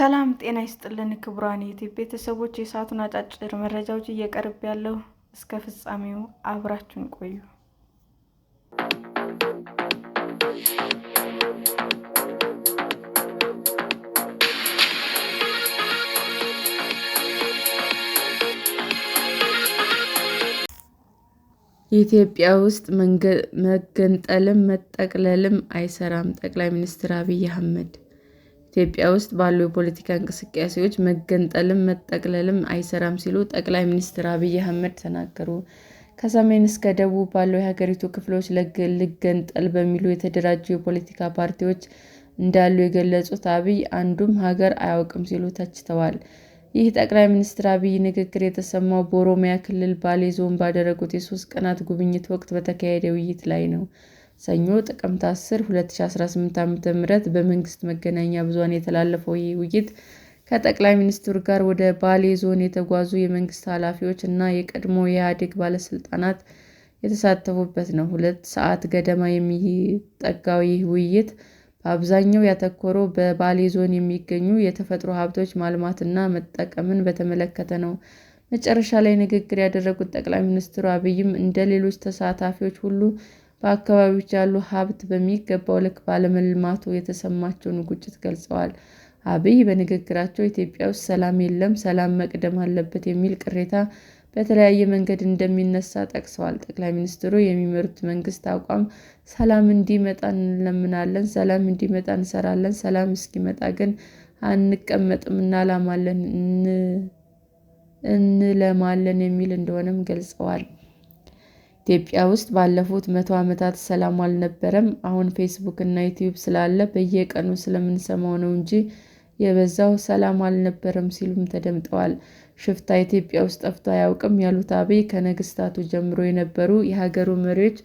ሰላም ጤና ይስጥልን ክቡራን ዩቲዩብ ቤተሰቦች፣ የሰዓቱን አጫጭር መረጃዎች እየቀርብ ያለው እስከ ፍጻሜው አብራችሁን ቆዩ። ኢትዮጵያ ውስጥ መገንጠልም መጠቅለልም አይሰራም። ጠቅላይ ሚኒስትር አብይ አሕመድ ኢትዮጵያ ውስጥ ባሉ የፖለቲካ እንቅስቃሴዎች መገንጠልም መጠቅለልም አይሰራም ሲሉ ጠቅላይ ሚኒስትር አብይ አህመድ ተናገሩ። ከሰሜን እስከ ደቡብ ባሉ የሀገሪቱ ክፍሎች ልገንጠል በሚሉ የተደራጁ የፖለቲካ ፓርቲዎች እንዳሉ የገለጹት አብይ አንዱም ሀገር አያውቅም ሲሉ ተችተዋል። ይህ ጠቅላይ ሚኒስትር አብይ ንግግር የተሰማው በኦሮሚያ ክልል ባሌ ዞን ባደረጉት የሶስት ቀናት ጉብኝት ወቅት በተካሄደ ውይይት ላይ ነው። ሰኞ ጥቅምት 10 2018 ዓ.ም በመንግስት መገናኛ ብዙሃን የተላለፈው ይህ ውይይት ከጠቅላይ ሚኒስትሩ ጋር ወደ ባሌ ዞን የተጓዙ የመንግስት ኃላፊዎች እና የቀድሞ የኢህአዴግ ባለስልጣናት የተሳተፉበት ነው። ሁለት ሰዓት ገደማ የሚጠጋው ይህ ውይይት በአብዛኛው ያተኮረው በባሌ ዞን የሚገኙ የተፈጥሮ ሀብቶች ማልማትና መጠቀምን በተመለከተ ነው። መጨረሻ ላይ ንግግር ያደረጉት ጠቅላይ ሚኒስትር አብይም እንደ ሌሎች ተሳታፊዎች ሁሉ በአካባቢዎች ያሉ ሀብት በሚገባው ልክ ባለመልማቱ የተሰማቸውን ቁጭት ገልጸዋል። አብይ በንግግራቸው ኢትዮጵያ ውስጥ ሰላም የለም፣ ሰላም መቅደም አለበት የሚል ቅሬታ በተለያየ መንገድ እንደሚነሳ ጠቅሰዋል። ጠቅላይ ሚኒስትሩ የሚመሩት መንግስት አቋም ሰላም እንዲመጣ እንለምናለን፣ ሰላም እንዲመጣ እንሰራለን፣ ሰላም እስኪመጣ ግን አንቀመጥም፣ እናላማለን፣ እንለማለን የሚል እንደሆነም ገልጸዋል። ኢትዮጵያ ውስጥ ባለፉት መቶ ዓመታት ሰላም አልነበረም። አሁን ፌስቡክ እና ዩቲዩብ ስላለ በየቀኑ ስለምንሰማው ነው እንጂ የበዛው ሰላም አልነበረም ሲሉም ተደምጠዋል። ሽፍታ ኢትዮጵያ ውስጥ ጠፍቶ አያውቅም ያሉት አብይ ከነገስታቱ ጀምሮ የነበሩ የሀገሩ መሪዎች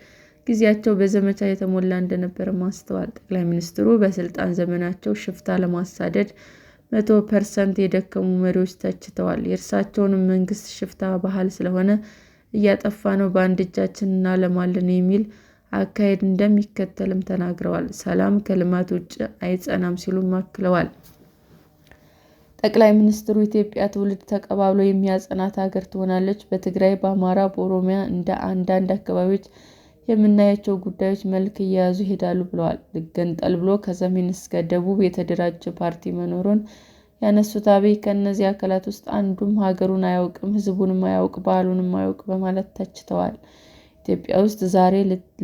ጊዜያቸው በዘመቻ የተሞላ እንደነበር ማስተዋል። ጠቅላይ ሚኒስትሩ በስልጣን ዘመናቸው ሽፍታ ለማሳደድ መቶ ፐርሰንት የደከሙ መሪዎች ተችተዋል። የእርሳቸውንም መንግስት ሽፍታ ባህል ስለሆነ እያጠፋ ነው፣ በአንድ እጃችን እናለማለን የሚል አካሄድ እንደሚከተልም ተናግረዋል። ሰላም ከልማት ውጭ አይጸናም ሲሉም አክለዋል። ጠቅላይ ሚኒስትሩ ኢትዮጵያ ትውልድ ተቀባብሎ የሚያጸናት ሀገር ትሆናለች። በትግራይ፣ በአማራ፣ በኦሮሚያ እንደ አንዳንድ አካባቢዎች የምናያቸው ጉዳዮች መልክ እየያዙ ይሄዳሉ ብለዋል። ልገንጠል ብሎ ከሰሜን እስከ ደቡብ የተደራጀ ፓርቲ መኖሩን ያነሱት አብይ ከእነዚህ አካላት ውስጥ አንዱም ሀገሩን አያውቅም፣ ህዝቡንም አያውቅ፣ ባህሉንም አያውቅ በማለት ተችተዋል። ኢትዮጵያ ውስጥ ዛሬ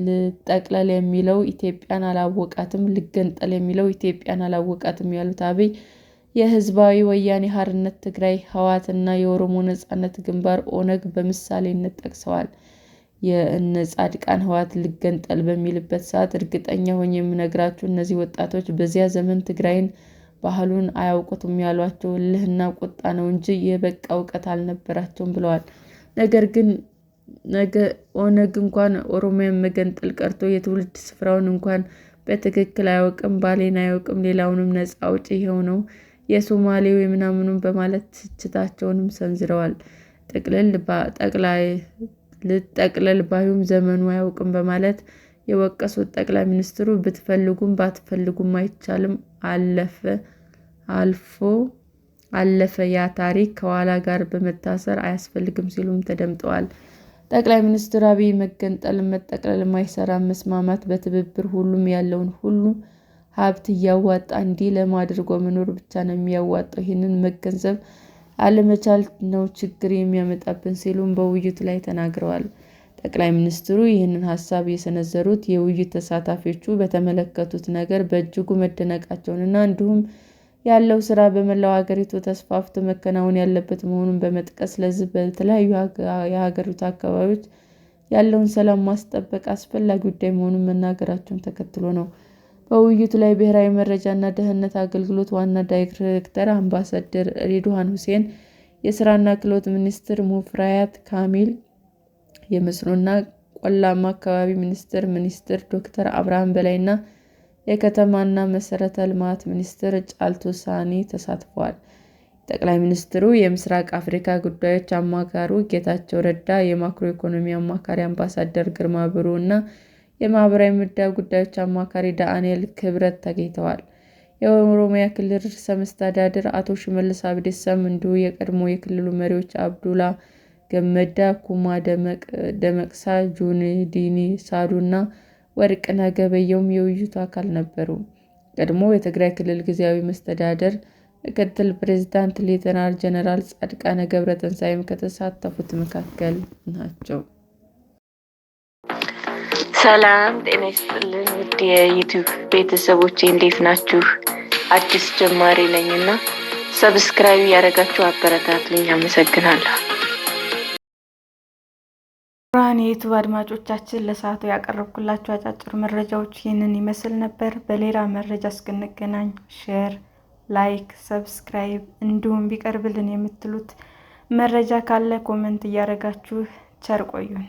ልጠቅለል የሚለው ኢትዮጵያን አላወቃትም፣ ልገንጠል የሚለው ኢትዮጵያን አላወቃትም ያሉት አብይ የህዝባዊ ወያኔ ሀርነት ትግራይ ህወሓት እና የኦሮሞ ነጻነት ግንባር ኦነግ በምሳሌነት ጠቅሰዋል። የእነ ጻድቃን ህወሓት ልገንጠል በሚልበት ሰዓት እርግጠኛ ሆኜ የምነግራችሁ እነዚህ ወጣቶች በዚያ ዘመን ትግራይን ባህሉን አያውቁትም ያሏቸው እልህና ቁጣ ነው እንጂ የበቃ እውቀት አልነበራቸውም ብለዋል። ነገር ግን ነገ ኦነግ እንኳን ኦሮሚያን መገንጠል ቀርቶ የትውልድ ስፍራውን እንኳን በትክክል አያውቅም፣ ባሌን አያውቅም፣ ሌላውንም ነፃ አውጪ ይሄው ነው የሶማሌው የምናምኑን በማለት ትችታቸውንም ሰንዝረዋል። ልጠቅለል ባዩም ዘመኑ አያውቅም በማለት የወቀሱት ጠቅላይ ሚኒስትሩ ብትፈልጉም ባትፈልጉም አይቻልም አለፈ አልፎ አለፈ ያ ታሪክ ከኋላ ጋር በመታሰር አያስፈልግም ሲሉም ተደምጠዋል። ጠቅላይ ሚኒስትር አብይ መገንጠል መጠቅለል፣ ማይሰራ መስማማት፣ በትብብር ሁሉም ያለውን ሁሉ ሀብት እያዋጣ እንዲህ ለማድርጎ መኖር ብቻ ነው የሚያዋጣው፣ ይህንን መገንዘብ አለመቻል ነው ችግር የሚያመጣብን ሲሉም በውይይቱ ላይ ተናግረዋል። ጠቅላይ ሚኒስትሩ ይህንን ሀሳብ የሰነዘሩት የውይይት ተሳታፊዎቹ በተመለከቱት ነገር በእጅጉ መደነቃቸውንና እንዲሁም ያለው ስራ በመላው ሀገሪቱ ተስፋፍቶ መከናወን ያለበት መሆኑን በመጥቀስ ለዚህ በተለያዩ የሀገሪቱ አካባቢዎች ያለውን ሰላም ማስጠበቅ አስፈላጊ ጉዳይ መሆኑን መናገራቸውን ተከትሎ ነው። በውይይቱ ላይ ብሔራዊ መረጃና ደህንነት አገልግሎት ዋና ዳይሬክተር አምባሳደር ሬድዋን ሁሴን፣ የስራና ክህሎት ሚኒስትር ሙፈሪያት ካሚል የመስኖና ቆላማ አካባቢ ሚኒስቴር ሚኒስትር ዶክተር አብርሃም በላይና የከተማና መሠረተ ልማት ሚኒስትር ጫልቱ ሳኒ ተሳትፈዋል። ጠቅላይ ሚኒስትሩ የምስራቅ አፍሪካ ጉዳዮች አማካሪ ጌታቸው ረዳ፣ የማክሮ ኢኮኖሚ አማካሪ አምባሳደር ግርማ ብሩ እና የማህበራዊ ምዳ ጉዳዮች አማካሪ ዳንኤል ክብረት ተገኝተዋል። የኦሮሚያ ክልል ርዕሰ መስተዳድር አቶ ሽመልስ አብዲሳም እንዲሁ የቀድሞ የክልሉ መሪዎች አብዱላ ገመዳ ኩማ፣ ደመቅሳ ሳዱ ሳዱና ወርቅነህ ገበየውም የውይይቱ አካል ነበሩ። ቀድሞ የትግራይ ክልል ጊዜያዊ መስተዳደር ምክትል ፕሬዚዳንት ሌተናል ጀነራል ጻድቃነ ገብረትንሳኤም ከተሳተፉት መካከል ናቸው። ሰላም ጤና ይስጥልን ውድ የዩቱብ ቤተሰቦች እንዴት ናችሁ? አዲስ ጀማሪ ነኝና ሰብስክራይብ ያደረጋችሁ አበረታቱኝ። አመሰግናለሁ። ብርሃን የዩቱብ አድማጮቻችን ለሰዓቱ ያቀረብኩላቸው አጫጭር መረጃዎች ይህንን ይመስል ነበር። በሌላ መረጃ እስክንገናኝ ሼር፣ ላይክ፣ ሰብስክራይብ እንዲሁም ቢቀርብልን የምትሉት መረጃ ካለ ኮመንት እያደረጋችሁ ቸር ቆዩን።